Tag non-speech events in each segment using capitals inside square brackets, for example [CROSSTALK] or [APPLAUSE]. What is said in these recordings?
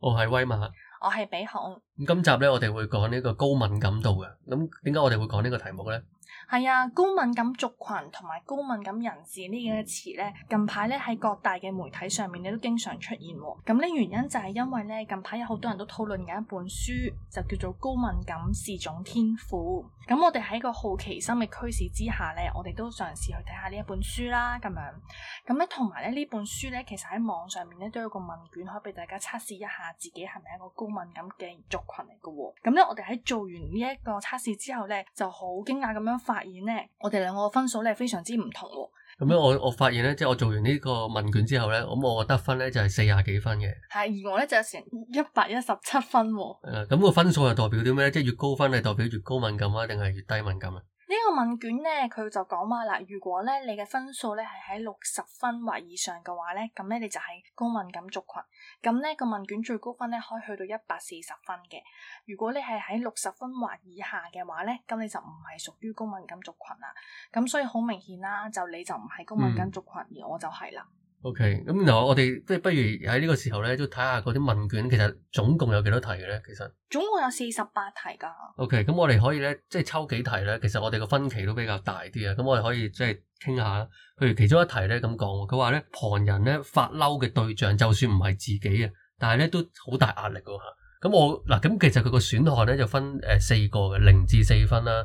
我係、哦、威馬，我係比熊。今集咧，我哋會講呢個高敏感度嘅。咁點解我哋會講呢個題目咧？係啊，高敏感族群同埋高敏感人士呢幾個詞呢，近排呢喺各大嘅媒體上面，你都經常出現。咁呢原因就係因為呢近排有好多人都討論緊一本書，就叫做《高敏感是種天賦》。咁我哋喺個好奇心嘅驅使之下呢，我哋都嘗試去睇下呢一本書啦。咁樣，咁咧同埋咧呢本書呢，其實喺網上面咧都有個問卷，可以俾大家測試一下自己係咪一個高敏感嘅族群嚟嘅。咁咧，我哋喺做完呢一個測試之後呢，就好驚訝咁樣發。發現咧，我哋兩個嘅分數咧非常之唔同。咁樣我我發現咧，即係我做完呢個問卷之後咧，咁我得分咧就係四廿幾分嘅。係，而我咧就成一百一十七分喎。誒、嗯，咁個分數又代表啲咩咧？即係越高分係代表越高敏感啊，定係越低敏感啊？呢個問卷咧，佢就講話啦，如果咧你嘅分數咧係喺六十分或以上嘅話咧，咁咧你就係高敏感族群。咁、那、咧個問卷最高分咧可以去到一百四十分嘅。如果你係喺六十分或以下嘅話咧，咁你就唔係屬於高敏感族群啦。咁所以好明顯啦，就你就唔係高敏感族群，嗯、而我就係啦。OK，咁嗱我我哋即係不如喺呢個時候咧，都睇下嗰啲問卷，其實總共有幾多題嘅咧？其實總共有四十八題噶。OK，咁我哋可以咧，即係抽幾題咧。其實我哋個分歧都比較大啲啊。咁我哋可以即係傾下，譬如其中一題咧咁講，佢話咧旁人咧發嬲嘅對象，就算唔係自己啊，但係咧都好大壓力噶吓。咁我嗱咁，其實佢個選項咧就分誒四個嘅零至四分啦。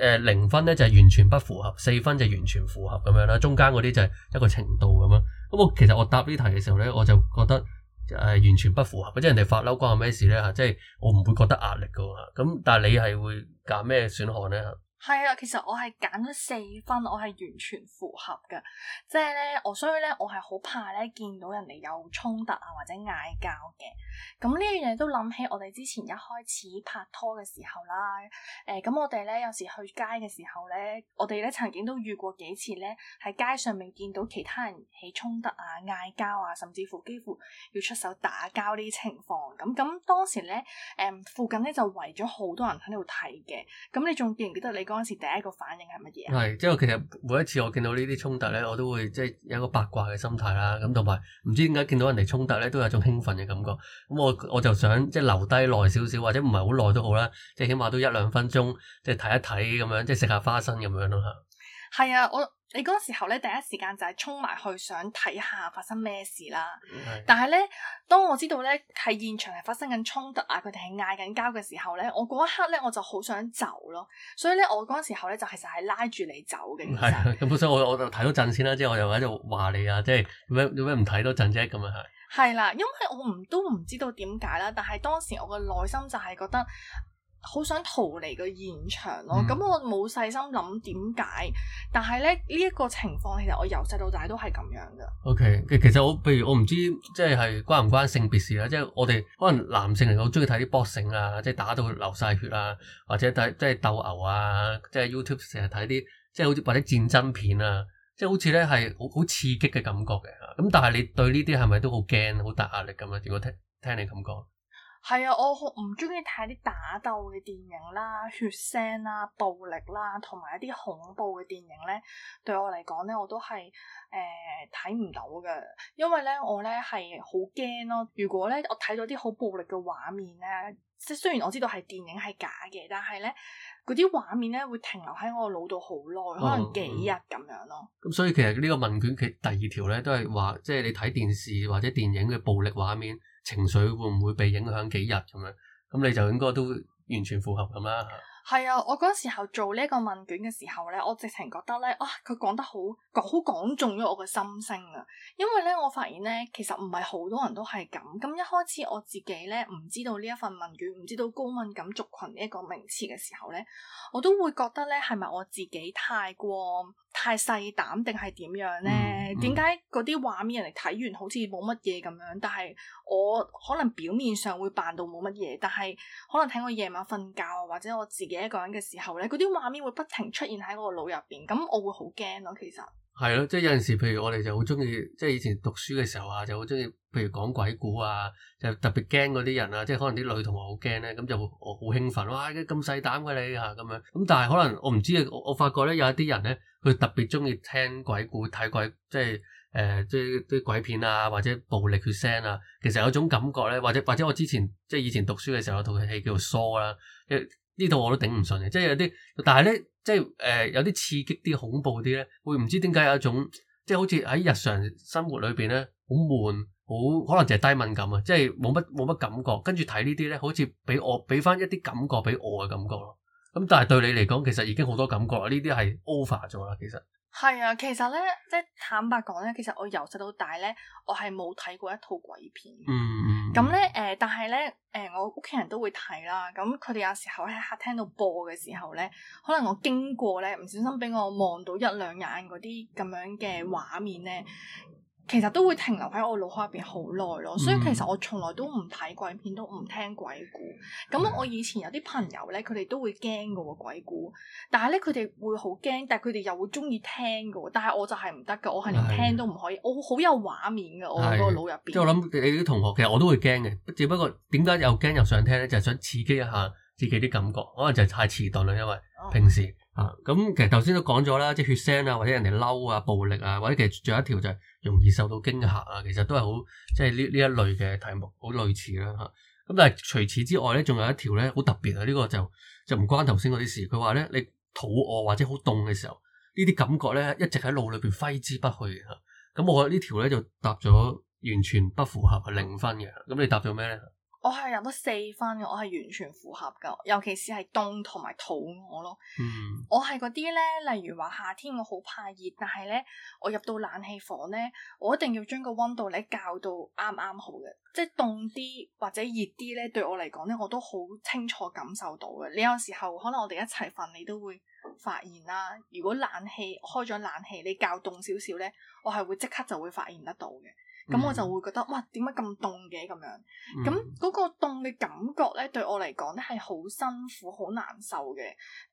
誒零分咧就係完全不符合，四分就完全符合咁樣啦。中間嗰啲就係一個程度咁樣。咁我其實我答呢題嘅時候呢，我就覺得、呃、完全不符合，或者人哋發嬲關我咩事呢？嚇，即係我唔會覺得壓力㗎喎。咁但係你係會揀咩選項呢？係啊，其實我係揀咗四分，我係完全符合嘅，即係咧，我所以咧，我係好怕咧見到人哋有衝突啊或者嗌交嘅。咁呢樣嘢都諗起我哋之前一開始拍拖嘅時候啦，誒、呃，咁我哋咧有時去街嘅時候咧，我哋咧曾經都遇過幾次咧喺街上面見到其他人起衝突啊、嗌交啊，甚至乎幾乎要出手打交呢啲情況。咁咁當時咧，誒、呃，附近咧就圍咗好多人喺度睇嘅。咁你仲記唔記得你？嗰時第一個反應係乜嘢啊？係即係其實每一次我見到呢啲衝突咧，我都會即係有一個八卦嘅心態啦。咁同埋唔知點解見到人哋衝突咧，都有一種興奮嘅感覺。咁我我就想即係留低耐少少，或者唔係好耐都好啦。即係起碼都一兩分鐘，即係睇一睇咁樣，即係食下花生咁樣咯嚇。係啊，我。你嗰時候咧，第一時間就係衝埋去想睇下發生咩事啦。的但係咧，當我知道咧係現場係發生緊衝突啊，佢哋係嗌緊交嘅時候咧，我嗰一刻咧，我就好想走咯。所以咧，我嗰時候咧就其實係拉住你走嘅。係咁，所以我，我就我就睇到陣先啦。即係我又喺度話你啊，即係做咩做咩唔睇多陣啫？咁啊係。係啦，因為我唔都唔知道點解啦。但係當時我嘅內心就係覺得。好想逃離個現場咯，咁、嗯、我冇細心諗點解，但係咧呢一、這個情況，其實我由細到大都係咁樣㗎。O、okay, K，其實我譬如我唔知即係關唔關性別事啊，即係我哋可能男性嚟講，中意睇啲 boxing 啊，即係打到流晒血啊，或者睇即係鬥牛啊，即係 YouTube 成日睇啲即係好似或者戰爭片啊，即係好似咧係好好刺激嘅感覺嘅。咁但係你對呢啲係咪都好驚，好大壓力咁啊？點解聽聽你咁講？係啊，我好唔中意睇啲打鬥嘅電影啦、血腥啦、暴力啦，同埋一啲恐怖嘅電影咧，對我嚟講咧，我都係誒睇唔到嘅，因為咧我咧係好驚咯。如果咧我睇咗啲好暴力嘅畫面咧，即係雖然我知道係電影係假嘅，但係咧嗰啲畫面咧會停留喺我腦度好耐，嗯、可能幾日咁樣咯。咁、嗯嗯、所以其實呢個問卷嘅第二條咧，都係話即係你睇電視或者電影嘅暴力畫面。情緒會唔會被影響幾日咁樣？咁你就應該都完全符合咁啦。係啊，我嗰時候做呢一個問卷嘅時候呢，我直情覺得呢，啊，佢講得好，好講中咗我嘅心聲啊！因為呢，我發現呢，其實唔係好多人都係咁。咁一開始我自己呢，唔知道呢一份問卷，唔知道高敏感族群呢一個名詞嘅時候呢，我都會覺得呢係咪我自己太過？太細膽定係點樣呢？點解嗰啲畫面人哋睇完好似冇乜嘢咁樣，但係我可能表面上會扮到冇乜嘢，但係可能喺我夜晚瞓覺或者我自己一個人嘅時候呢，嗰啲畫面會不停出現喺我腦入邊，咁我會好驚咯，其實。係咯，即係有陣時，譬如我哋就好中意，即係以前讀書嘅時候啊，就好中意，譬如講鬼故啊，就特別驚嗰啲人啊，即係可能啲女同學好驚咧，咁就會我好興奮，哇！咁細膽嘅你嚇咁樣，咁但係可能我唔知，我我發覺咧有一啲人咧，佢特別中意聽鬼故、睇鬼，即係誒、呃，即係啲鬼片啊，或者暴力血腥啊，其實有種感覺咧，或者或者我之前即係以前讀書嘅時候有套戲叫做《Saw》啦。呢度我都頂唔順嘅，即係有啲，但係咧，即係誒、呃、有啲刺激啲、恐怖啲咧，會唔知點解有一種，即係好似喺日常生活裏邊咧，好悶，好可能就係低敏感啊，即係冇乜冇乜感覺，跟住睇呢啲咧，好似俾我俾翻一啲感覺俾我嘅感覺咯。咁但係對你嚟講，其實已經好多感覺啦，呢啲係 over 咗啦，其實。係啊，其實咧，即係坦白講咧，其實我由細到大咧，我係冇睇過一套鬼片。咁咧、嗯，誒、嗯呃，但係咧，誒、呃，我屋企人都會睇啦。咁佢哋有時候喺客廳度播嘅時候咧，可能我經過咧，唔小心俾我望到一兩眼嗰啲咁樣嘅畫面咧，其實都會停留喺我腦海入邊好耐咯，所以其實我從來都唔睇鬼片，都唔聽鬼故。咁我以前有啲朋友咧，佢哋都會驚噶喎，鬼故，但係咧，佢哋會好驚，但係佢哋又會中意聽噶喎。但係我就係唔得噶，我係連聽都唔可以，是的 我好，好有畫面噶的我嗰個腦入邊。即我諗你啲同學其實我都會驚嘅，只不過點解又驚又想聽咧？就係、是、想刺激一下自己啲感覺，可能就係太遲鈍啦，因為平時、哦。啊，咁其實頭先都講咗啦，即係血腥啊，或者人哋嬲啊、暴力啊，或者其實仲有一條就係容易受到驚嚇啊，其實都係好即係呢呢一類嘅題目，好類似啦嚇。咁、啊、但係除此之外咧，仲有一條咧好特別啊！呢、呢個就就唔關頭先嗰啲事。佢話咧，你肚餓或者好凍嘅時候，呢啲感覺咧一直喺腦裏邊揮之不去嘅嚇。咁、啊、我覺得呢條咧就答咗完全不符合零分嘅。咁、啊、你答咗咩咧？我係入到四分嘅，我係完全符合噶，尤其是係凍同埋肚餓咯。 [NOISE] 我係嗰啲咧，例如話夏天我好怕熱，但係咧我入到冷氣房咧，我一定要將個溫度咧校到啱啱好嘅，即係凍啲或者熱啲咧，對我嚟講咧我都好清楚感受到嘅。你有時候可能我哋一齊瞓，你都會發現啦。如果冷氣開咗冷氣，你校凍少少咧，我係會即刻就會發現得到嘅。咁、嗯、我就會覺得，哇！點解咁凍嘅咁樣？咁嗰、嗯、個凍嘅感覺咧，對我嚟講咧係好辛苦、好難受嘅。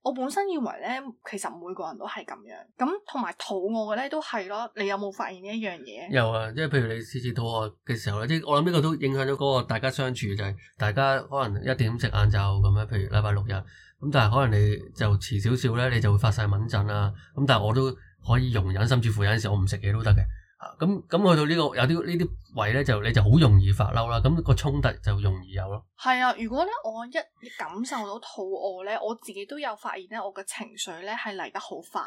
我本身以為咧，其實每個人都係咁樣。咁同埋肚餓嘅咧都係咯。你有冇發現呢一樣嘢？有啊，即係譬如你次次肚餓嘅時候咧，即我諗呢個都影響咗嗰個大家相處，就係、是、大家可能一點食晏晝咁樣，譬如禮拜六日咁，但係可能你就遲少少咧，你就會發晒敏陣啊。咁但係我都可以容忍，甚至乎有陣時我唔食嘢都得嘅。啊，咁咁去到、這個、呢個有啲呢啲位咧，就你就好容易發嬲啦，咁、那個衝突就容易有咯。係啊，如果咧我一感受到肚餓咧，我自己都有發現咧，我嘅情緒咧係嚟得好快，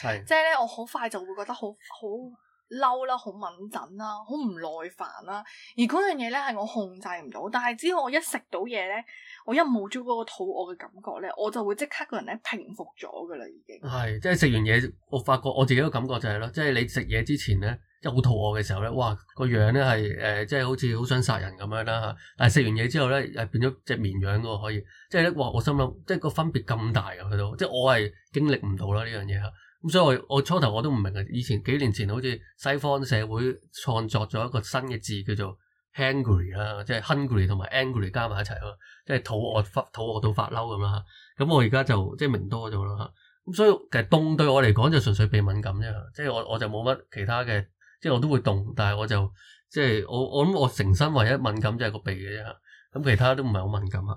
係是，即係咧我好快就會覺得好好嬲啦，好敏感啦，好唔耐煩啦。而嗰樣嘢咧係我控制唔到，但係只要我一食到嘢咧，我一冇咗嗰個肚餓嘅感覺咧，我就會即刻個人咧平復咗噶啦，已經。係，即係食完嘢，我發覺我自己個感覺就係、是、咯，即係你食嘢之前咧。又肚餓嘅時候咧，哇，個樣咧係誒，即係好似好想殺人咁樣啦嚇。但係食完嘢之後咧，又變咗隻綿羊喎，可以即係咧哇！我心諗，即係個分別咁大㗎，佢都即係我係經歷唔到啦呢樣嘢嚇。咁所以我我初頭我都唔明嘅。以前幾年前好似西方社會創作咗一個新嘅字叫做 hangry 啦，即係 hungry 同埋 angry 加埋一齊咯，即係肚餓發肚餓到發嬲咁啦嚇。咁我而家就即係明多咗啦嚇。咁所以其實凍對我嚟講就純粹鼻敏感啫，即係我我就冇乜其他嘅。即係我都會凍，但係我就即係我我諗我成身唯一敏感就係個鼻嘅啫，咁其他都唔係好敏感啊。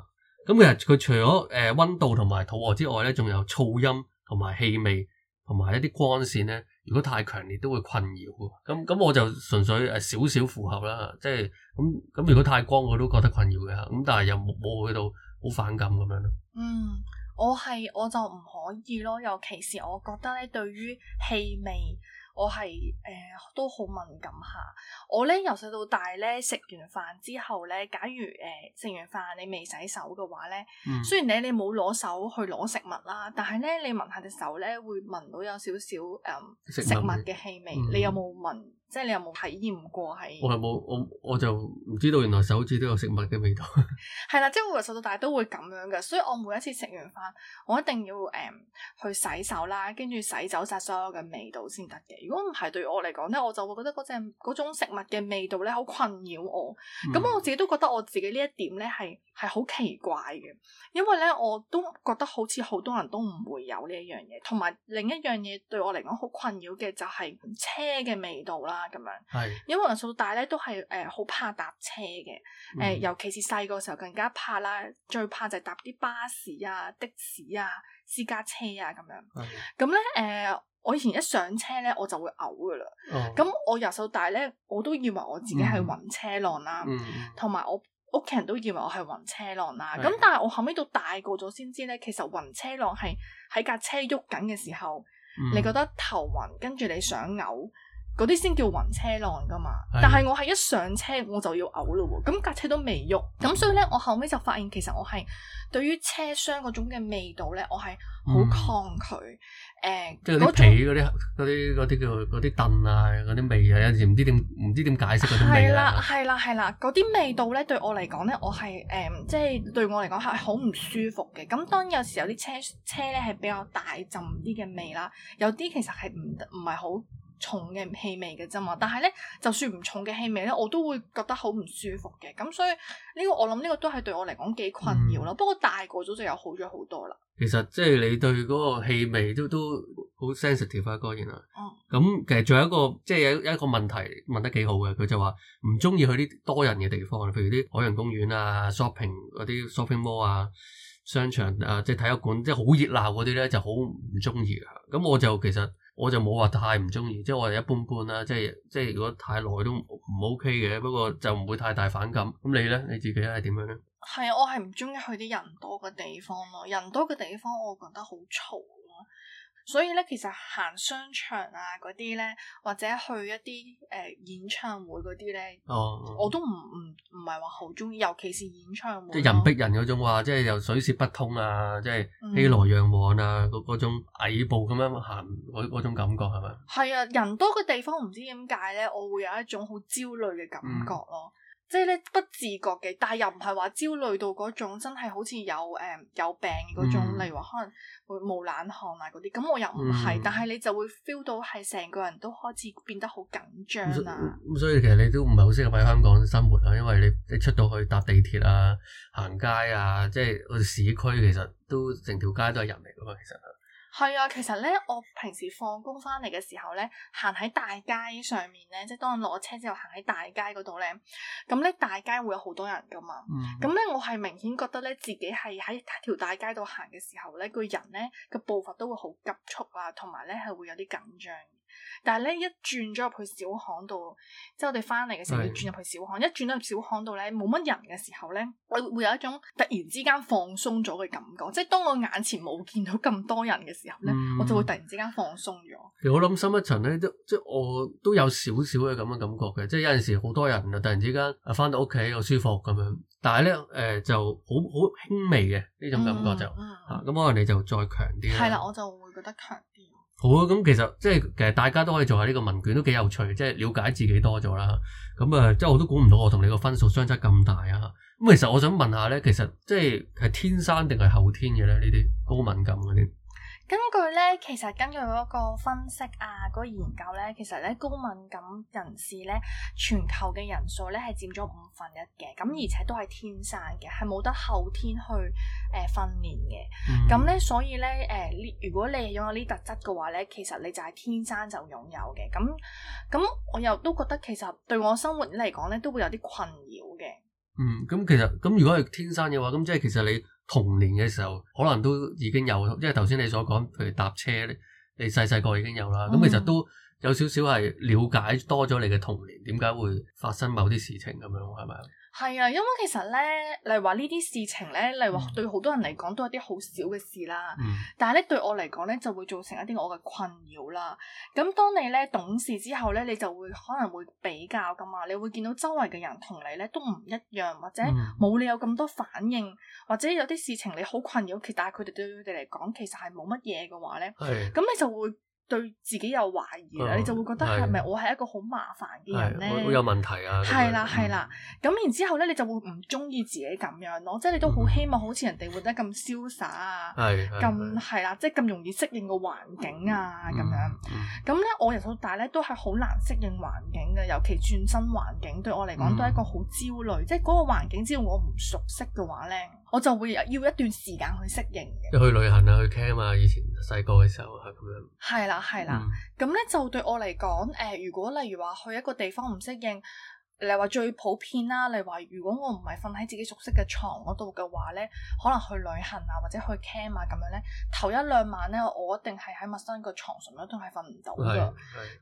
咁其實佢除咗誒、呃、溫度同埋肚餓之外咧，仲有噪音同埋氣味同埋一啲光線咧，如果太強烈都會困擾。咁咁我就純粹誒少少符合啦，即係咁咁如果太光我都覺得困擾嘅吓，咁但係又冇去到好反感咁樣咯。嗯，我係我就唔可以咯，尤其是我覺得咧，對於氣味。我係誒、呃、都好敏感下，我咧由細到大咧食完飯之後咧，假如誒、呃、食完飯你未洗手嘅話咧，嗯、雖然咧你冇攞手去攞食物啦，但係咧你聞下隻手咧會聞到有少少誒食物嘅氣味，嗯、你有冇聞？即係你有冇體驗過係？我係冇，我我就唔知道，原來手指都有食物嘅味道。係啦，即係我由細到大都會咁樣嘅，所以我每一次食完飯，我一定要誒、嗯、去洗手啦，跟住洗走晒所有嘅味道先得嘅。如果唔係，對我嚟講咧，我就會覺得嗰隻嗰種食物嘅味道咧，好困擾我。咁、嗯、我自己都覺得我自己呢一點咧，係係好奇怪嘅，因為咧我都覺得好似好多人都唔會有呢一樣嘢。同埋另一樣嘢對我嚟講好困擾嘅就係車嘅味道啦。啊，咁樣，因為人數大咧，都係誒好怕搭車嘅，誒尤其是細個時候更加怕啦，最怕就係搭啲巴士啊、的士啊、私家車啊咁樣。咁咧，誒我以前一上車咧，我就會嘔噶啦。咁我人數大咧，我都以為我自己係暈車浪啦，同埋我屋企人都以為我係暈車浪啦。咁但係我後尾到大個咗先知咧，其實暈車浪係喺架車喐緊嘅時候，你覺得頭暈，跟住你想嘔。嗰啲先叫暈車浪㗎嘛，的但係我係一上車我就要嘔咯喎，咁架車都未喐，咁所以咧我後尾就發現其實我係對於車廂嗰種嘅味道咧，我係好抗拒，誒、嗯，呃、即係啲皮嗰啲、嗰啲、嗰啲叫嗰啲凳啊、嗰啲味啊，味啊味呃就是、有時唔知點唔知點解釋嗰啲味啊，係啦係啦，嗰啲味道咧對我嚟講咧，我係誒，即係對我嚟講係好唔舒服嘅。咁當有時有啲車車咧係比較大陣啲嘅味啦，有啲其實係唔唔係好重嘅氣味嘅啫嘛，但係咧，就算唔重嘅氣味咧，我都會覺得好唔舒服嘅。咁所以呢、這個我諗呢個都係對我嚟講幾困擾啦。嗯、不過大個咗就有好咗好多啦。其實即係你對嗰個氣味都都好 sensitive 啊，當然啦、啊。咁、嗯、其實仲有一個即係、就是、有一個問題問得幾好嘅，佢就話唔中意去啲多人嘅地方，譬如啲海洋公園啊、shopping 嗰啲 shopping mall 啊、商場啊，即、就、係、是、體育館，即係好熱鬧嗰啲咧，就好唔中意嘅。咁我就其實。我就冇話太唔中意，即係我哋一般般啦，即係即係如果太耐都唔 OK 嘅，不過就唔會太大反感。咁你咧？你自己係點樣咧？係，我係唔中意去啲人多嘅地方咯。人多嘅地方我覺得好嘈。所以咧，其實行商場啊，嗰啲咧，或者去一啲誒、呃、演唱會嗰啲咧，哦嗯、我都唔唔唔係話好中意，尤其是演唱會。即係人逼人嗰種話，即係又水泄不通啊，即係熙來攘往啊，嗰、嗯、種矮步咁樣行嗰種感覺係咪？係啊、嗯，人多嘅地方唔知點解咧，我會有一種好焦慮嘅感覺咯。嗯即係咧，不自覺嘅，但係又唔係話焦慮到嗰種真係好似有誒、嗯、有病嘅嗰種，嗯、例如話可能會冇冷汗啊嗰啲，咁我又唔係，嗯、但係你就會 feel 到係成個人都開始變得好緊張啊。咁所，所以其實你都唔係好適合喺香港生活啊，因為你你出到去搭地鐵啊、行街啊，即係我哋市區其實都成條街都係人嚟噶嘛，其實。係啊，其實咧，我平時放工翻嚟嘅時候咧，行喺大街上面咧，即係當我落咗車之後行喺大街嗰度咧，咁咧大街會有好多人噶嘛，咁咧、mm hmm。我係明顯覺得咧自己係喺條大街度行嘅時候咧，個人咧個步伐都會好急促啊，同埋咧係會有啲緊張。但係咧，一轉咗入去小巷度，即係我哋返嚟嘅時候，是的 轉入去小巷，一轉到入小巷度咧，冇乜人嘅時候咧，我會有一種突然之間放鬆咗嘅感覺，即係當我眼前冇見到咁多人嘅時候咧，嗯、我就會突然之間放鬆咗。其實我諗深一層咧，即即係我都有少少嘅咁嘅感覺嘅，即係有陣時好多人啊，突然之間啊返到屋企又舒服咁樣，但係咧誒就好好輕微嘅呢種感覺就嚇，咁、嗯啊、可能你就再強啲啦。係啦，我就會覺得強啲。好啊，咁、嗯、其，其實大家都可以做下呢個問卷，都幾有趣，即係瞭解自己多咗啦。咁、嗯、啊、呃，即我都估唔到我同你個分數相差咁大啊！咁其實我想問下咧，其實即係係天生定係後天嘅咧？呢啲高敏感嗰啲？根據咧，其實根據嗰個分析啊，嗰個研究咧，其實咧高敏感人士咧，全球嘅人數咧係佔咗五分一嘅，咁而且都係天生嘅，係冇得後天去誒訓練嘅。咁咧、嗯，所以咧誒，如果你擁有呢特質嘅話咧，其實你就係天生就擁有嘅。咁咁，我又都覺得其實對我生活嚟講咧，都會有啲困擾嘅。嗯，咁其實咁如果係天生嘅話，咁即係其實你童年嘅時候可能都已經有，即係頭先你所講，譬如搭車咧，你細細個已經有啦。咁其實都有少少係了解多咗你嘅童年，點解會發生某啲事情咁樣，係咪？係啊，因為其實咧，例如話呢啲事情咧，例如話對好多人嚟講都係啲好小嘅事啦。嗯、但係咧對我嚟講咧，就會造成一啲我嘅困擾啦。咁當你咧懂事之後咧，你就會可能會比較㗎嘛，你會見到周圍嘅人同你咧都唔一樣，或者冇你有咁多反應，或者有啲事情你好困擾，但係佢哋對佢哋嚟講其實係冇乜嘢嘅話咧，咁的你就會，對自己有懷疑啦，你就會覺得係咪我係一個好麻煩嘅人呢？會有問題啊！係啦係啦，咁然之後呢，你就會唔中意自己咁樣咯，即係你都好希望好似人哋活得咁瀟灑，啊，咁係啦，即係咁容易適應個環境啊咁樣。咁呢，我由細到大呢都係好難適應環境嘅，尤其轉新環境對我嚟講都係一個好焦慮，即係嗰個環境只要我唔熟悉嘅話呢。我就會要一段時間去適應嘅。去旅行啊，去 camp 啊，以前細個嘅時候係咁樣。係啦，係啦。咁咧、嗯、就對我嚟講，誒、呃，如果例如話去一個地方唔適應。你話最普遍啦，你話如果我唔係瞓喺自己熟悉嘅床嗰度嘅話咧，可能去旅行啊或者去 camp 啊咁樣咧，頭一兩晚咧，我一定係喺陌生個床上面都係瞓唔到嘅。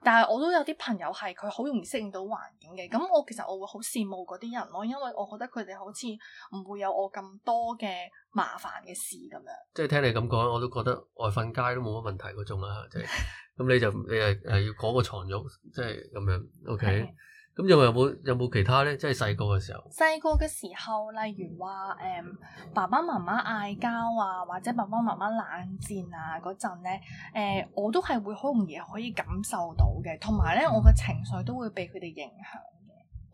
但係我都有啲朋友係佢好容易適應到環境嘅，咁我其實我會好羨慕嗰啲人咯，因為我覺得佢哋好似唔會有我咁多嘅麻煩嘅事咁樣。即係聽你咁講，我都覺得我瞓街都冇乜問題嗰種啊，即係咁你就你係係要嗰個床褥，即係咁樣，OK。咁又有冇有冇其他咧？即係細個嘅時候。細個嘅時候，例如話誒、嗯、爸爸媽媽嗌交啊，或者爸爸媽媽冷戰啊，嗰陣咧，誒、嗯、我都係會好容易可以感受到嘅，同埋咧，我嘅情緒都會被佢哋影響。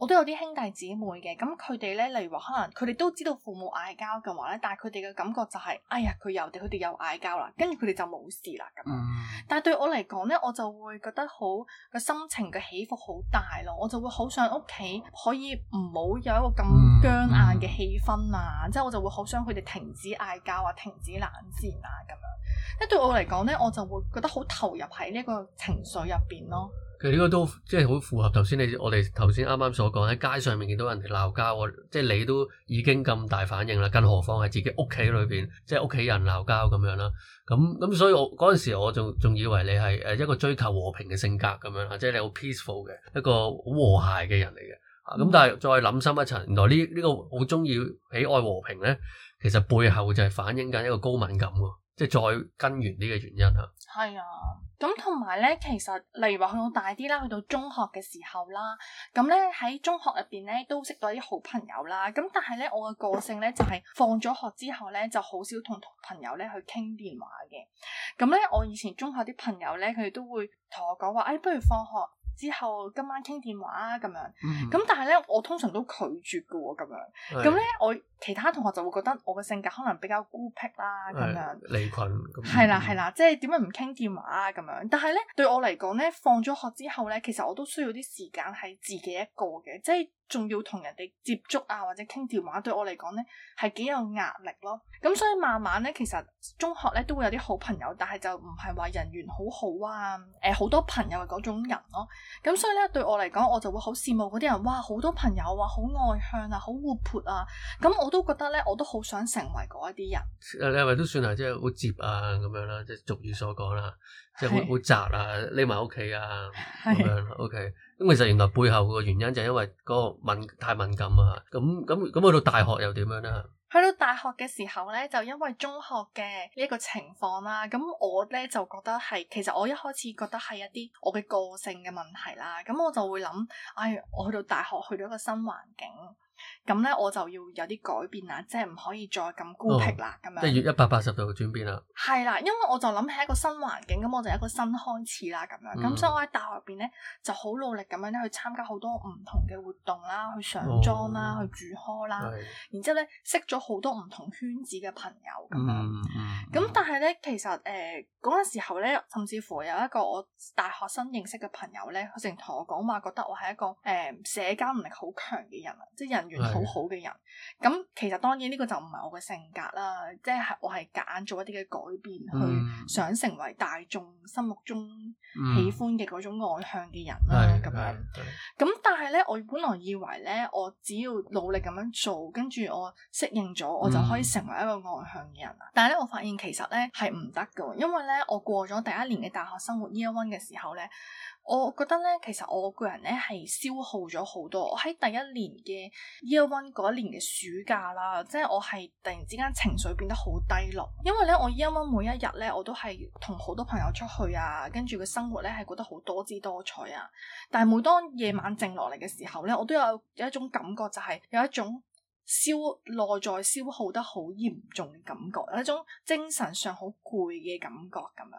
我都有啲兄弟姊妹嘅，咁佢哋咧，例如話可能佢哋都知道父母嗌交嘅話咧，但係佢哋嘅感覺就係、是，哎呀，佢又，哋，佢哋又嗌交啦，跟住佢哋就冇事啦咁。但係對我嚟講咧，我就會覺得好，個心情嘅起伏好大咯，我就會好想屋企可以唔好有一個咁僵硬嘅氣氛啊，即係、嗯嗯、我就會好想佢哋停止嗌交啊，停止冷戰啊，咁樣。即係對我嚟講咧，我就會覺得好投入喺呢個情緒入邊咯。其實呢個都即係好符合頭先你，我哋頭先啱啱所講，喺街上面見到人哋鬧交，即係你都已經咁大反應啦，更何況係自己屋企裏面，即係屋企人鬧交咁樣啦。咁所以我嗰陣時候我仲以為你係一個追求和平嘅性格咁樣，即係你好 peaceful 嘅一個好和諧嘅人嚟嘅。咁但係再諗深一層，原來呢、這、呢個好鍾意喜愛和平呢，其實背後就係反映緊一個高敏感，即係再根源啲嘅原因。係啊，咁同埋咧，其實例如話去到大啲啦，去到中學嘅時候啦，咁咧喺中學入邊咧都識到一啲好朋友啦。咁但係咧，我嘅個性咧就係、是、放咗學之後咧就好少同朋友咧去傾電話嘅。咁咧，我以前中學啲朋友咧，佢哋都會同我講話，誒、哎，不如放學之後今晚傾電話啊，咁樣。咁、嗯、哼但係咧，我通常都拒絕嘅喎，咁樣。咁咧是，我。其他同學就會覺得我嘅性格可能比較孤僻啦，咁樣離羣，係啦係啦，即係點樣唔傾電話啊咁樣。但係咧對我嚟講咧，放咗學之後咧，其實我都需要啲時間係自己一個嘅，即係仲要同人哋接觸啊或者傾電話，對我嚟講咧係幾有壓力咯。咁所以慢慢咧，其實中學咧都會有啲好朋友，但係就唔係話人緣好好啊，誒、呃、好多朋友嗰種人咯。咁所以咧對我嚟講，我就會好羨慕嗰啲人，哇好多朋友啊，好外向啊，好活潑啊，咁我。我都覺得咧，我都好想成為嗰一啲人。誒，你係咪都算係即係好接啊？咁樣啦，即係俗語所講啦，是即係好好宅啊，匿埋屋企啊，咁是樣。OK，咁其實原來背後個原因就係因為嗰個敏太敏感啊。咁咁咁去到大學又點樣咧？去到大學嘅時候咧，就因為中學嘅呢一個情況啦。咁我咧就覺得係，其實我一開始覺得係一啲我嘅個性嘅問題啦。咁我就會諗，哎，我去到大學去到一個新環境。咁咧我就要有啲改變啦，即係唔可以再咁孤僻啦，咁、哦、樣即係要一百八十度嘅轉變啦。係啦，因為我就諗起一個新環境，咁我就一個新開始啦，咁樣。咁、嗯、所以我喺大學入邊咧就好努力咁樣咧去參加好多唔同嘅活動啦，去上妝啦，哦、去煮科 a 啦，對然之後咧識咗好多唔同圈子嘅朋友咁、嗯、樣。咁、嗯嗯、但係咧其實誒嗰陣時候咧，甚至乎有一個我大學新認識嘅朋友咧，成同我講話覺得我係一個誒社交能力好強嘅人，即係人、呃。人呃嗯、好好嘅人，咁其實當然呢個就唔係我嘅性格啦，即係我係夾硬做一啲嘅改變去想成為大眾心目中喜歡嘅嗰種外向嘅人啦，咁、嗯、樣，咁、嗯嗯嗯、但係咧，我本來以為咧，我只要努力咁樣做，跟住我適應咗，我就可以成為一個外向嘅人啦。嗯、但係咧，我發現其實咧係唔得嘅，因為咧我過咗第一年嘅大學生活呢 year one 嘅時候咧。我覺得咧，其實我個人咧係消耗咗好多。我喺第一年嘅 Year One 嗰一年嘅暑假啦，即係我係突然之間情緒變得好低落，因為咧我 Year One 每一日咧我都係同好多朋友出去啊，跟住個生活咧係覺得好多姿多彩啊。但係每當夜晚靜落嚟嘅時候咧，我都有有一種感覺，就係有一種。消內在消耗得好嚴重嘅感覺，有一種精神上好攰嘅感覺咁樣。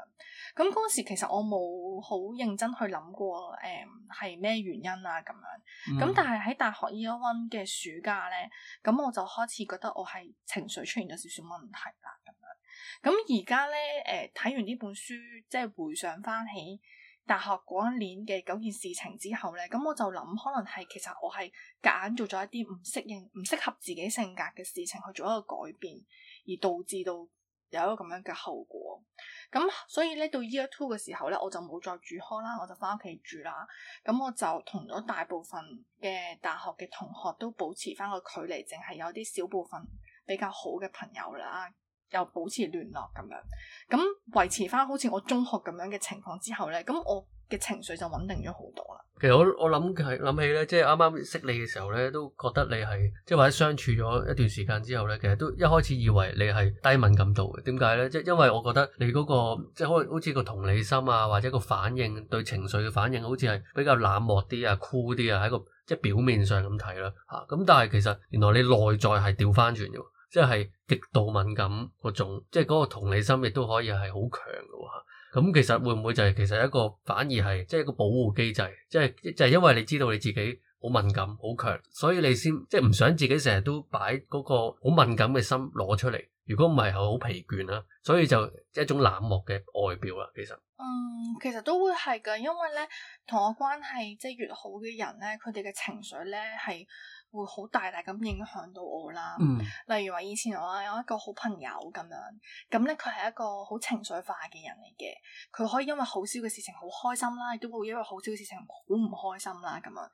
咁嗰時其實我冇好認真去諗過，誒係咩原因啊咁樣。咁、嗯、但係喺大學 year one 嘅暑假咧，咁我就開始覺得我係情緒出現咗少少問題啦咁樣。咁而家咧，誒、呃、睇完呢本書，即係回想翻起。大學嗰一年嘅九件事情之後咧，咁我就諗，可能係其實我係夾硬做咗一啲唔適應、唔適合自己性格嘅事情去做一個改變，而導致到有一個咁樣嘅後果。咁所以咧，到 year two 嘅時候咧，我就冇再住校啦，我就翻屋企住啦。咁我就同咗大部分嘅大學嘅同學都保持翻個距離，淨係有啲小部分比較好嘅朋友啦。又保持聯絡咁樣，咁維持翻好似我中學咁樣嘅情況之後呢，咁我嘅情緒就穩定咗好多啦。其實我我諗嘅係諗起呢，即係啱啱識你嘅時候呢，都覺得你係即係或者相處咗一段時間之後呢，其實都一開始以為你係低敏感度嘅。點解呢？即係因為我覺得你嗰個即係好似個同理心啊，或者個反應對情緒嘅反應，好似係比較冷漠啲啊、酷啲啊，喺個即係表面上咁睇啦嚇。咁但係其實原來你內在係調翻轉嘅。即係極度敏感嗰種，即係嗰個同理心亦都可以係好強嘅喎。咁其實會唔會就係其實一個反而係即係一個保護機制，即係就係因為你知道你自己好敏感、好強，所以你先即係唔想自己成日都擺嗰個好敏感嘅心攞出嚟。如果唔係，係好疲倦啦。所以就一種冷漠嘅外表啦。其實，嗯，其實都會係㗎，因為咧同我關係即係越好嘅人咧，佢哋嘅情緒咧係，會好大大咁影響到我啦。嗯、例如話以前我有一個好朋友咁樣，咁咧佢係一個好情緒化嘅人嚟嘅，佢可以因為好少嘅事情好開心啦，亦都會因為好少嘅事情好唔開心啦咁樣。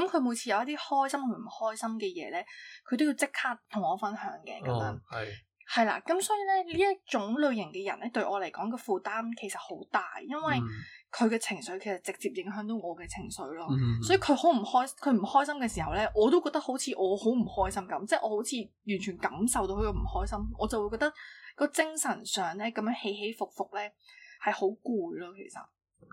咁佢每次有一啲開心同唔開心嘅嘢咧，佢都要即刻同我分享嘅咁樣。係係、哦、啦，咁所以咧呢一種類型嘅人咧，對我嚟講嘅負擔其實好大，因為、嗯。佢嘅情緒其實直接影響到我嘅情緒咯，嗯、所以佢好唔開，佢唔開心嘅時候呢，我都覺得好似我，就是、我好唔開心咁，即係我好似完全感受到佢嘅唔開心，我就會覺得個精神上呢，咁樣起起伏伏呢，係好攰咯，其實。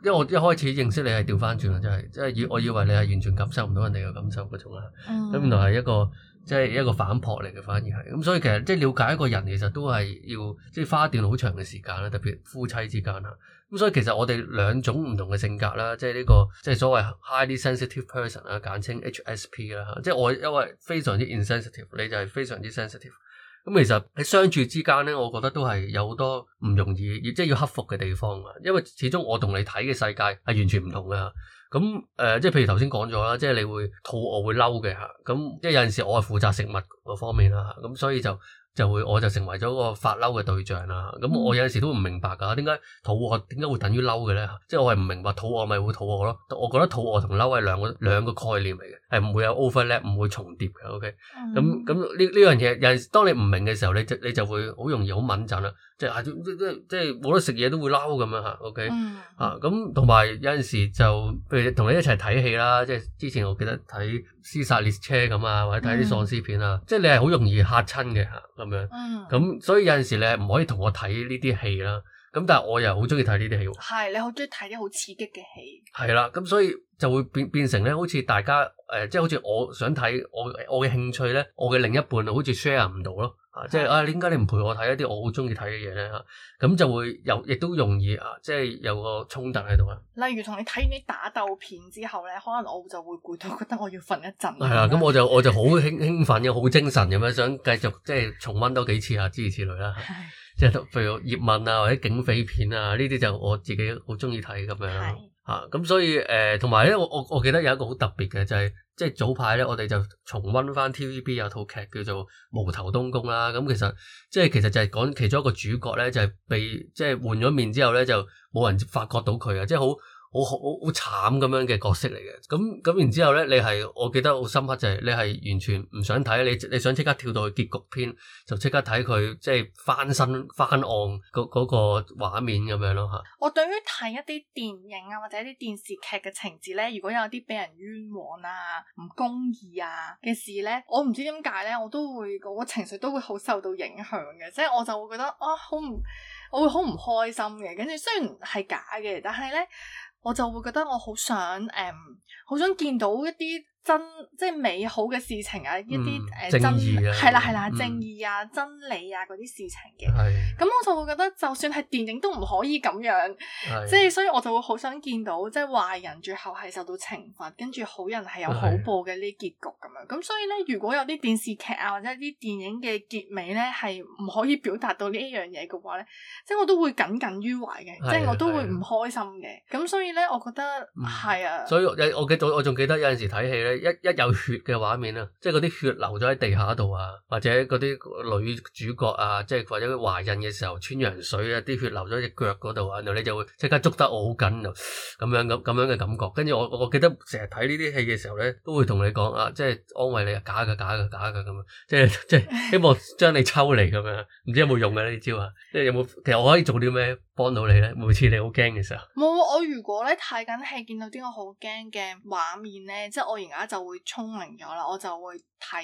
因為我一開始認識你係掉返轉啦，真、就、係、是，即係以我以為你係完全感受唔到人哋嘅感受嗰種啦，咁原來係一個。即係一個反駁嚟嘅，反而係咁、嗯，所以其實即係了解一個人，其實都係要即係花一段好長嘅時間啦。特別夫妻之間啊，咁、嗯、所以其實我哋兩種唔同嘅性格啦，即係呢、呢個即係所謂 highly sensitive person 啊，簡稱 HSP 啦、嗯，即係我因為非常之 insensitive，你就係非常之 sensitive、嗯。咁其實喺相處之間咧，我覺得都係有好多唔容易，亦即係要克服嘅地方啊。因為始終我同你睇嘅世界係完全唔同嘅。咁誒、呃，即係譬如頭先講咗啦，即係你會肚餓會嬲嘅嚇，咁即係有陣時我係負責食物嗰方面啦，咁所以就就會我就成為咗個發嬲嘅對象啦。咁我有陣時都唔明白㗎，點解肚餓點解會等於嬲嘅咧？即係我係唔明白肚餓咪會肚餓咯，我覺得肚餓同嬲係兩個兩個概念嚟嘅，係唔會有 overlap，唔會重疊嘅。O K，咁咁呢呢樣嘢有陣時當你唔明嘅時候，你就你就會好容易好敏感啦。即係即係冇得食嘢都會撈咁樣吓，OK，啊咁同埋有陣時就譬如同你一齊睇戲啦，即係之前我記得睇《屍殺列車》咁啊，或者睇啲喪屍片啊，即係你係好容易吓親嘅吓咁樣，咁所以有陣時你係唔可以同我睇呢啲戲啦。咁但係我又好中意睇呢啲戲。係你好中意睇啲好刺激嘅戲。係啦，咁所以就會變變成咧，好似大家誒，即、呃、係、就是、好似我想睇我我嘅興趣咧，我嘅另一半好似 share 唔到咯。即係啊，點解你唔陪我睇一啲我好中意睇嘅嘢咧？咁就會有亦都容易啊，即係有個衝突喺度啦。例如同你睇完啲打鬥片之後咧，可能我就會攰到覺得我要瞓一陣。係啦，咁我就我就好興興奮又，好 [LAUGHS] 精神咁樣，想繼續即係重溫多幾次啊，諸如此類啦。的即係，譬如葉問啊，或者警匪片啊，呢啲就我自己好中意睇咁樣。啊，咁所以誒，同埋呢，我我我記得有一個好特別嘅就係，即係早排呢，我哋就重溫翻 TVB 有套劇叫做《無頭東宮》啦。咁、嗯、其實即係其實就係講其中一個主角呢，就係被即係換咗面之後呢，就冇人發覺到佢嘅，即係好。我好好慘咁樣嘅角色嚟嘅，咁咁然之後呢，你係我記得好深刻就係你係完全唔想睇，你你想即刻跳到去結局篇，就即刻睇佢即係翻身翻案嗰嗰個畫面咁樣咯吓。我對於睇一啲電影啊或者一啲電視劇嘅情節呢，如果有啲俾人冤枉啊唔公義啊嘅事呢，我唔知點解呢，我都會我個情緒都會好受到影響嘅，即係我就會覺得啊好唔我會好唔開心嘅，跟住雖然係假嘅，但係呢。我就會覺得我好想，誒、um，好想見到一啲。真即係美好嘅事情啊！一啲誒，真係啦係啦，正義啊、真理啊嗰啲事情嘅。係。咁我就會覺得，就算係電影都唔可以咁樣，即係所以我就會好想見到，即係壞人最後係受到懲罰，跟住好人係有好報嘅呢結局咁樣。咁所以咧，如果有啲電視劇啊或者啲電影嘅結尾咧係唔可以表達到呢一樣嘢嘅話咧，即係我都會耿耿於懷嘅，即係我都會唔開心嘅。咁所以咧，我覺得係啊。所以我有我記到，我仲記得有陣時睇戲。一一有血嘅畫面啊，即係嗰啲血流咗喺地下度啊，或者嗰啲女主角啊，即係或者懷孕嘅時候穿羊水啊，啲血流咗隻腳嗰度啊，然後你就會即刻捉得我好緊，啊，咁樣咁咁樣嘅感覺。跟住我我記得成日睇呢啲戲嘅時候咧，都會同你講啊，即係安慰你啊，假㗎假㗎假㗎咁樣，即係即係希望將你抽離咁樣。唔知有冇用嘅呢啲招啊？即係有冇？其實我可以做啲咩？幫到你咧，每次你好驚嘅時候。冇，我如果咧睇緊戲，見到啲個好驚嘅畫面咧，即係我而家就會聰明咗啦，我就會睇，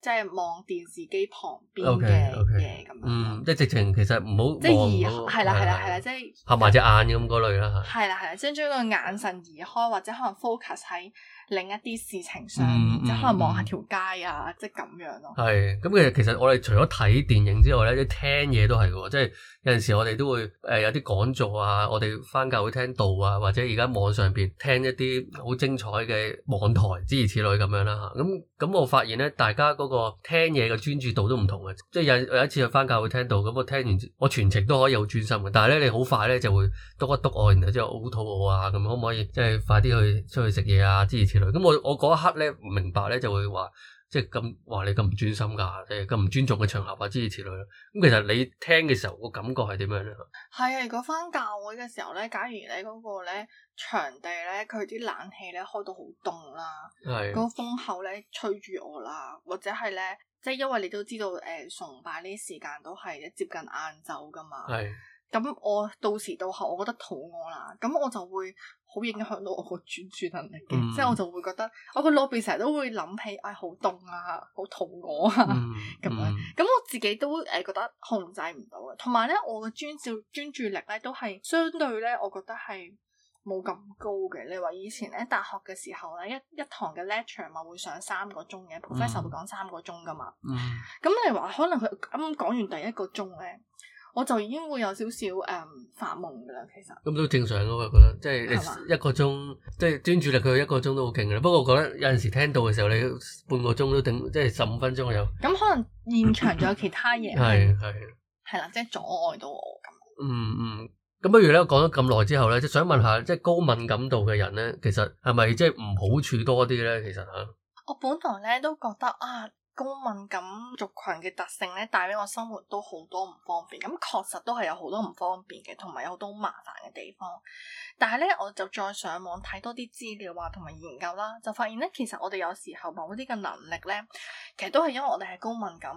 即係望電視機旁邊嘅嘢咁樣。Okay, okay. 嗯，即係直情其實唔好、那個，即係移開，係啦係啦係啦，即係合埋隻眼咁嗰類啦。係啦係啦，即係將個眼神移開或者可能 focus 喺，另一啲事情上，即、嗯嗯、可能望下條街啊，即係咁樣咯，係咁其實其實我哋除咗睇電影之外咧，即聽嘢都係嘅喎，即係有陣時我哋都會誒、呃、有啲講座啊，我哋返教會聽道啊，或者而家網上邊聽一啲好精彩嘅網台諸如此類咁樣啦嚇。咁、啊、咁、嗯嗯、我發現咧，大家嗰個聽嘢嘅專注度都唔同嘅，即係有有一次去返教會聽道，咁我聽完我全程都可以好專心嘅，但係咧你好快咧就會篤一篤我，然後之後好肚餓啊，咁可唔可以即係快啲去出去食嘢啊之咁我我嗰一刻咧唔明白咧，就會話即係咁話你咁唔專心噶，即係咁唔尊重嘅場合啊諸如此類啦。咁其實你聽嘅時候個感覺係點樣咧？係啊，如果返教會嘅時候咧，假如你嗰個咧場地咧，佢啲冷氣咧開到好凍啦，嗰是的 風口咧吹住我啦，或者係咧，即係因為你都知道誒、呃、崇拜呢時間都係接近晏晝噶嘛，咁是的 我到時到候我覺得肚餓啦，咁我就會。好影響到我個專注能力嘅，嗯、即係我就會覺得我個腦邊成日都會諗起，唉、哎，好凍啊，好肚餓啊，咁 [LAUGHS] 樣。咁、嗯嗯、我自己都誒、呃、覺得控制唔到啊。同埋咧，我嘅專注專注力咧都係相對咧，我覺得係冇咁高嘅。你話以前咧，大學嘅時候咧，一一堂嘅 lecture 咪會上三個鐘嘅 professor 會講三個鐘㗎嘛。咁你話可能佢啱講完第一個鐘咧。嗯我就已經會有少少誒發夢噶啦，其實咁都正常咯，我覺得即係你一個鐘，吧即係專注力佢一個鐘都好勁嘅啦。不過我覺得有陣時聽到嘅時候，你半個鐘都頂，即係十五分鐘有。咁可能現場仲有其他嘢係係係啦，即係阻礙到我咁，嗯。嗯嗯，咁不如咧，我講咗咁耐之後咧，即係想問下，即係高敏感度嘅人咧，其實係咪即係唔好處多啲咧？其實吓，啊、我本來咧都覺得啊。高敏感族群嘅特性咧，帶俾我生活都好多唔方便，咁確實都係有好多唔方便嘅，同埋有好多麻煩嘅地方。但係咧，我就再上網睇多啲資料啊，同埋研究啦，就發現咧，其實我哋有時候某啲嘅能力咧，其實都係因為我哋係高敏感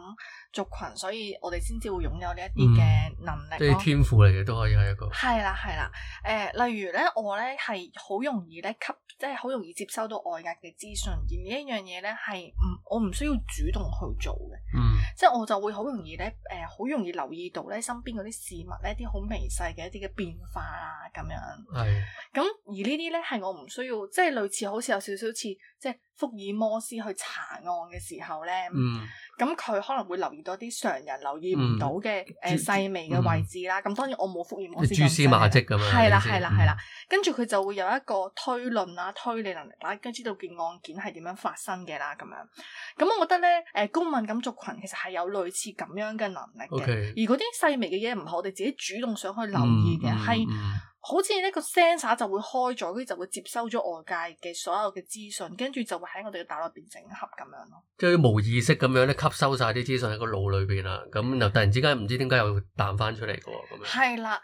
族群，所以我哋先至會擁有呢一啲嘅能力，呢啲、嗯哦、天賦嚟嘅都可以係一個。係啦係啦，誒、呃，例如咧，我咧係好容易咧吸，即係好容易接收到外界嘅資訊，而呢一樣嘢咧係唔，我唔需要主動去做嘅。嗯，即係我就會好容易咧，誒、呃，好容易留意到咧身邊嗰啲事物咧，一啲好微細嘅一啲嘅變化啊，咁樣。係、嗯。咁而呢啲咧係我唔需要，即、就、係、是、類似，好似有少少似，即係福爾摩斯去查案嘅時候咧。嗯。咁佢可能會留意到啲常人留意唔到嘅誒細微嘅位置啦。咁、嗯、當然我冇我福爾摩斯咁犀利，係啦係啦係啦。跟住佢就會有一個推論啊、嗯、推理能力啦，跟住知道件案件係點樣發生嘅啦咁樣。咁我覺得咧，誒、呃、高敏感族群其實係有類似咁樣嘅能力嘅。Okay. 而嗰啲細微嘅嘢唔係我哋自己主動想去留意嘅係。嗯嗯嗯好似呢個 sensor 就會開咗，佢就會接收咗外界嘅所有嘅資訊，跟住就會喺我哋嘅大腦入邊整合咁樣咯。即係無意識咁樣咧，吸收晒啲資訊喺個腦裏邊啦。咁就突然之間唔知點解又彈翻出嚟嘅喎，咁樣。係啦。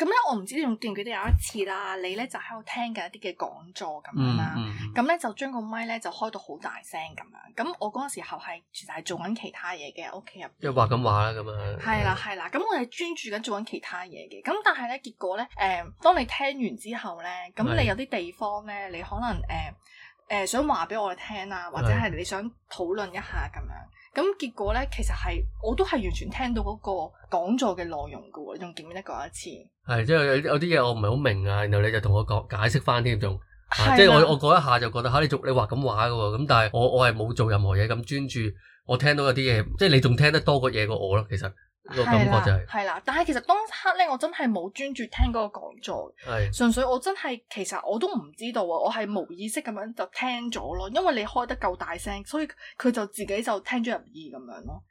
咁咧，我唔知你仲記唔記得有一次啦。你咧就喺度聽緊一啲嘅講座咁樣啦。咁咧就將個咪咧就開到好大聲咁樣。咁我嗰個時候係其實係做緊其他嘢嘅屋企入。又話咁話啦，咁、嗯嗯、啊。係啦、啊，係、嗯、啦。咁我哋專注緊做緊其他嘢嘅。咁、嗯、但係咧，結果咧，誒、呃，當你聽完之後咧，咁你有啲地方咧，你可能誒誒、呃呃呃、想話俾我哋聽啦、啊，或者係你想討論一下咁樣。咁結果咧，其實係我都係完全聽到嗰個講座嘅內容嘅喎，你仲記唔記得講一次？係，即係有啲嘢我唔係好明啊，然後你就同我講解釋翻添，仲、啊、的即係我我嗰一下就覺得嚇、啊、你仲你畫咁畫嘅喎，咁但係我我係冇做任何嘢咁專注，我聽到有啲嘢，即係你仲聽得多過嘢過我咯，其實。係啦，係啦、就係，但係其實當刻咧，我真係冇專注聽嗰個講座，純的粹我真係其實我都唔知道啊，我係冇意識咁樣就聽咗咯，因為你開得夠大聲，所以佢就自己就聽咗入耳咁樣咯。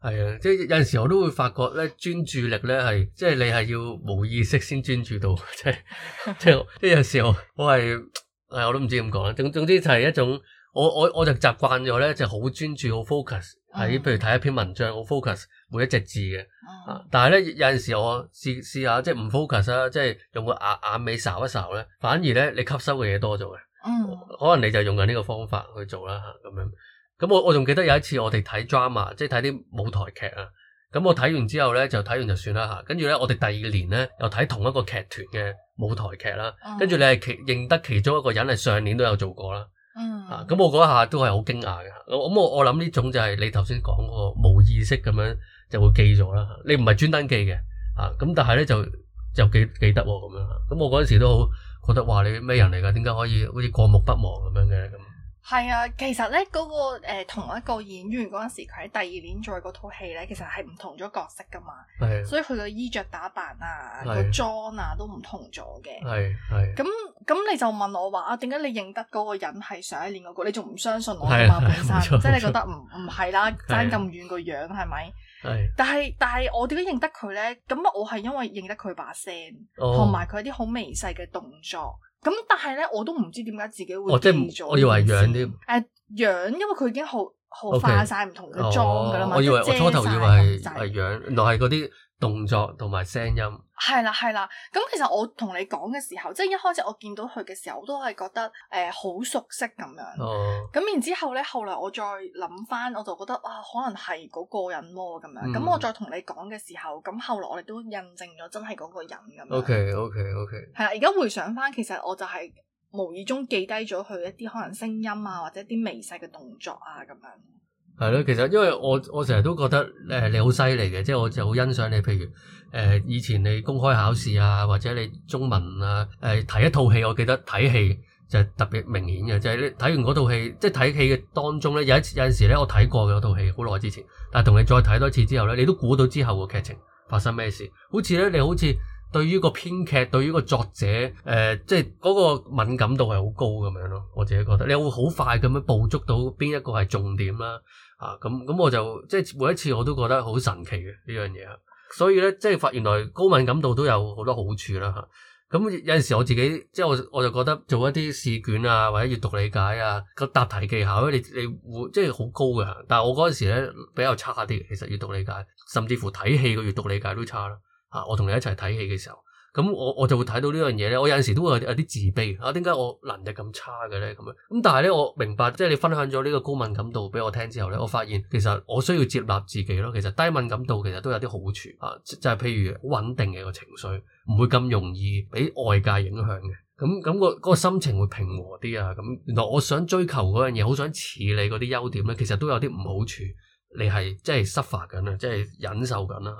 係啊，即係有陣時我都會發覺咧，專注力咧係，即係你係要冇意識先專注到，即係 [LAUGHS] 即係，即係有陣時我我係誒，我都唔知點講啦，總總之就係一種我我我就習慣咗咧，就好專注，好 focus。喺譬如睇一篇文章，我 focus 每一隻字嘅，但係咧有陣時我試試下即係唔 focus 啦，即係用個眼眼尾掃一掃咧，反而咧你吸收嘅嘢多咗嘅，可能你就用緊呢個方法去做啦嚇，咁樣，咁我我仲記得有一次我哋睇 drama，即係睇啲舞台劇啊，咁我睇完之後咧就睇完就算啦嚇，跟住咧我哋第二年咧又睇同一個劇團嘅舞台劇啦，跟住你係其認得其中一個人係上年都有做過啦。嗯啊那那，啊，咁我嗰下都係好驚訝嘅，咁我我諗呢種就係你頭先講個冇意識咁樣就會記咗啦，你唔係專登記嘅，啊，咁、啊、但係咧就就記記得喎咁樣，咁、啊啊、我陣時都好覺得話你咩人嚟噶？點解可以好似過目不忘咁樣嘅咁？啊係啊，其實咧、那、嗰個誒、呃、同一個演員嗰陣時，佢喺第二年做嗰套戲咧，其實係唔同咗角色噶嘛。係。是的 所以佢個衣着打扮啊，個妝是的 啊都唔同咗嘅。係係是的。咁咁，你就問我話啊，點解你認得嗰個人係上一年嗰個？你仲唔相信我嘛？是的 本身即係你覺得唔唔係啦，爭咁遠個樣係咪？係。但係但係，我點解認得佢咧？咁我係因為認得佢把聲，同埋佢啲好微細嘅動作。咁但係咧，我都唔知點解自己會變咗。哦、即我以為係養啲，誒養、uh,，因為佢已經好好化晒唔同嘅妝噶啦嘛，哦、即遮 我以為遮 我初頭以為係係養，原來係嗰啲。動作同埋聲音係啦係啦，咁其實我同你講嘅時候，即係一開始我見到佢嘅時候，我都係覺得誒好熟悉咁樣。哦，咁然之後咧，後來我再諗翻，我就覺得啊，可能係嗰個人咯咁樣。咁我再同你講嘅時候，咁後來我哋都印證咗真係嗰個人咁樣。O K O K O K 係啦，而家回想翻，其實我就係無意中記低咗佢一啲可能聲音啊，或者啲微細嘅動作啊咁樣。係咯，其實因為我我成日都覺得誒、呃、你好犀利嘅，即係我就好欣賞你。譬如誒、呃、以前你公開考試啊，或者你中文啊，誒、呃、睇一套戲，我記得睇戲就係特別明顯嘅，就係你睇完嗰套戲，即係睇戲嘅當中咧，有一次有陣時咧我睇過嗰套戲好耐之前，但係同你再睇多次之後咧，你都估到之後個劇情發生咩事，好似咧你好似。對於個編劇，對於個作者，誒、呃，即係嗰個敏感度係好高咁樣咯，我自己覺得你會好快咁樣捕捉到邊一個係重點啦，啊，咁、啊、咁我就即係每一次我都覺得好神奇嘅呢樣嘢啊，所以咧即係發現原來高敏感度都有好多好處啦嚇，咁、啊、有陣時我自己即係我我就覺得做一啲試卷啊或者閱讀理解啊個答題技巧呢，你你會即係好高嘅，但係我嗰陣時咧比較差啲，其實閱讀理解，甚至乎睇戲嘅閱讀理解都差啦。啊！我同你一齊睇戲嘅時候我，我就會睇到呢樣嘢。我有陣時都會有啲自卑啊，點解我能力咁差嘅咧？咁但係咧我明白，即係你分享咗呢個高敏感度俾我聽之後咧，我發現其實我需要接納自己咯。其實低敏感度其實都有啲好處啊，就係譬如好穩定嘅一個情緒，唔會咁容易俾外界影響嘅。咁咁個個心情會平和啲啊。咁原來我想追求嗰樣嘢，好想處理嗰啲優點咧，其實都有啲唔好處。你係即係 suffer 緊啦，即係忍受緊啦，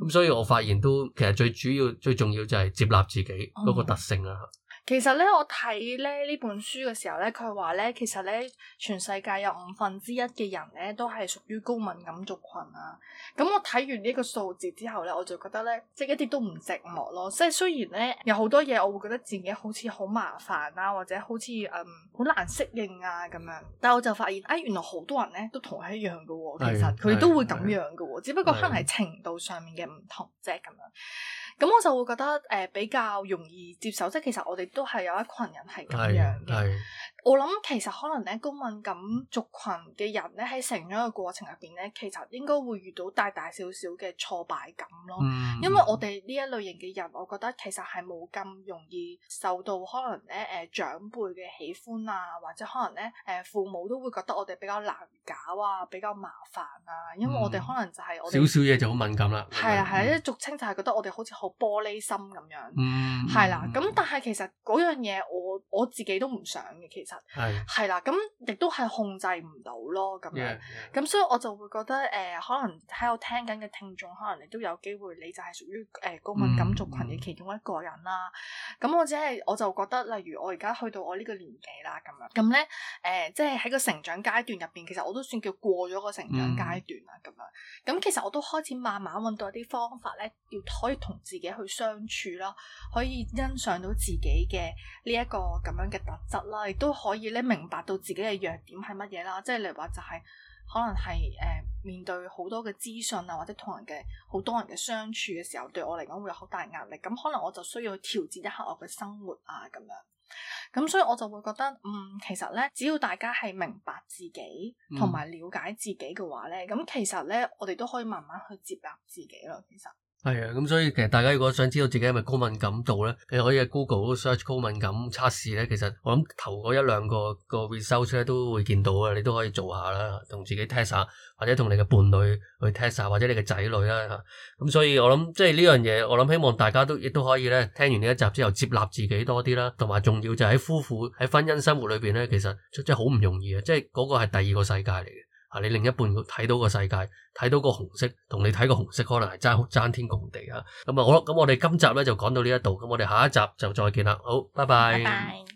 咁所以我發現都其實最主要最重要就係接納自己嗰個特性啊，嗯嗯。其實咧，我睇咧呢本書嘅時候咧，佢話咧，其實咧全世界有五分之一嘅人咧，都係屬於高敏感族群啊。咁、嗯、我睇完呢個數字之後咧，我就覺得咧，即係一啲都唔寂寞咯。即係雖然咧有好多嘢，我會覺得自己好似好麻煩啊，或者好似嗯好難適應啊咁樣。但係我就發現，哎，原來好多人咧都同我一樣噶、哦，其實佢都會咁樣噶，只不過可能係程度上面嘅唔同啫。咁是樣，咁我就會覺得誒、呃、比較容易接受。即係其實我哋。都係有一群人係咁樣嘅，我諗其實可能咧高敏感族群嘅人咧喺成長嘅過程入邊咧，其實應該會遇到大大小小嘅挫敗感咯。嗯、因為我哋呢一類型嘅人，我覺得其實係冇咁容易受到可能咧誒長輩嘅喜歡啊，或者可能咧誒父母都會覺得我哋比較難搞啊，比較麻煩啊。因為我哋可能就係我少少嘢就好敏感啦，係啊，係啊，因為俗稱就係覺得我哋好似好玻璃心咁樣，係啦、嗯。咁但係其實。嗰樣嘢我我自己都唔想嘅，其實係啦，咁亦是都係控制唔到咯，咁樣，咁 Yeah, yeah. 所以我就會覺得誒、呃，可能喺度聽緊嘅聽眾，可能你都有機會，你就係屬於誒高敏感族群嘅其中一個人啦。咁、mm hmm. 我只係我就覺得，例如我而家去到我呢個年紀啦，咁樣，咁咧誒，即係喺個成長階段入邊，其實我都算叫過咗個成長階段啦，咁樣、mm。咁、hmm. 其實我都開始慢慢揾到一啲方法咧，要可以同自己去相處啦，可以欣賞到自己，嘅呢一個咁樣嘅特質啦，亦都可以咧明白到自己嘅弱點係乜嘢啦。即係你話就係、是、可能係誒、呃、面對好多嘅資訊啊，或者同人嘅好多人嘅相處嘅時候，對我嚟講會有好大壓力。咁、嗯、可能我就需要調節一下我嘅生活啊，咁樣。咁所以我就會覺得，嗯，其實咧，只要大家係明白自己同埋了解自己嘅話咧，咁、嗯、其實咧，我哋都可以慢慢去接納自己咯。其實。係啊，咁、嗯、所以其實大家如果想知道自己係咪高敏感度咧，你可以喺 Google search 高敏感測試咧。其實我諗頭嗰一兩個個 result 咧都會見到啊，你都可以做下啦，同自己 test 下，或者同你嘅伴侶去 test 下，或者你嘅仔女啦。咁、啊嗯、所以我諗即係呢樣嘢，我諗希望大家都亦都可以咧，聽完呢一集之後接納自己多啲啦。同埋重要就喺夫婦喺婚姻生活裏邊咧，其實真係好唔容易啊！即係嗰、那個係第二個世界嚟嘅。你另一半睇到個世界，睇到個紅色，同你睇個紅色可能係爭天共地啊！咁啊，好啦，咁我哋今集咧就講到呢一度，咁我哋下一集就再見啦。好，拜拜。拜拜。